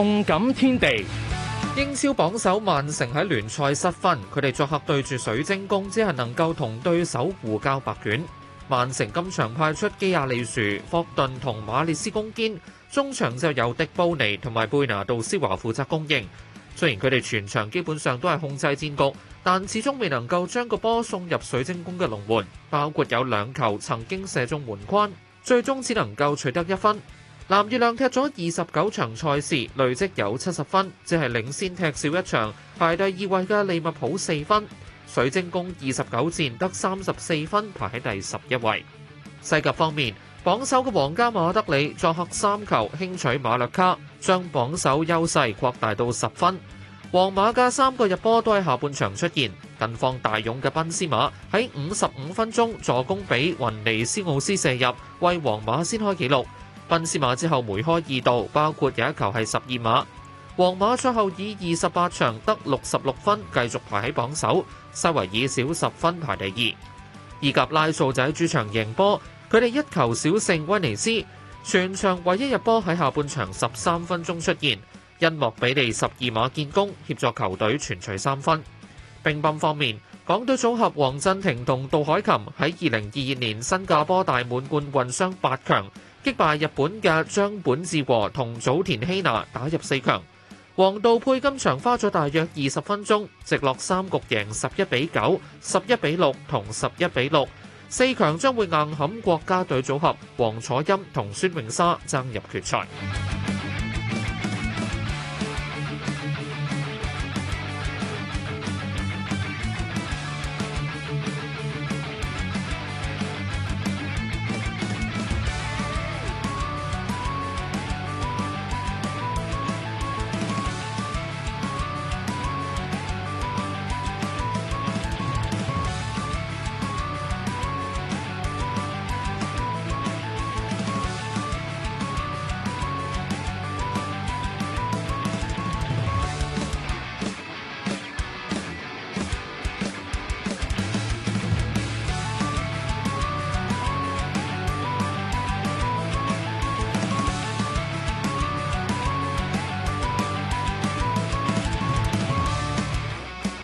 動感天地，英超榜首曼城喺聯賽失分，佢哋作客對住水晶宮，只係能夠同對手互交白卷。曼城今場派出基亞利殊、霍頓同馬列斯攻堅，中場就有迪布尼同埋貝拿杜斯華負責供應。雖然佢哋全場基本上都係控制戰局，但始終未能夠將個波送入水晶宮嘅龍門，包括有兩球曾經射中門框，最終只能夠取得一分。藍月亮踢咗二十九場賽事，累積有七十分，只係領先踢少一場，排第二位嘅利物浦四分。水晶宮二十九戰得三十四分，排喺第十一位。西甲方面，榜首嘅皇家馬德里作客三球輕取馬略卡，將榜首優勢擴大到十分。皇馬嘅三個入波都喺下半場出現，近況大勇嘅賓斯馬喺五十五分鐘助攻俾雲尼斯奧斯射入，為皇馬先開紀錄。賓斯馬之後梅開二度，包括有一球係十二碼。皇馬賽後以二十八場得六十六分，繼續排喺榜首。西維爾少十分排第二。意甲拉素仔主場贏波，佢哋一球小勝威尼斯。全場唯一入波喺下半場十三分鐘出現，因莫比利十二碼建功，協助球隊全取三分。乒乓方面，港隊組合黃鎮廷同杜凱琹喺二零二二年新加坡大滿貫混雙八強。擊敗日本嘅張本智和同早田希娜打入四強。黃道佩今場花咗大約二十分鐘，直落三局贏十一比九、十一比六同十一比六，四強將會硬撼國家隊組合王楚欽同孫穎莎，爭入決賽。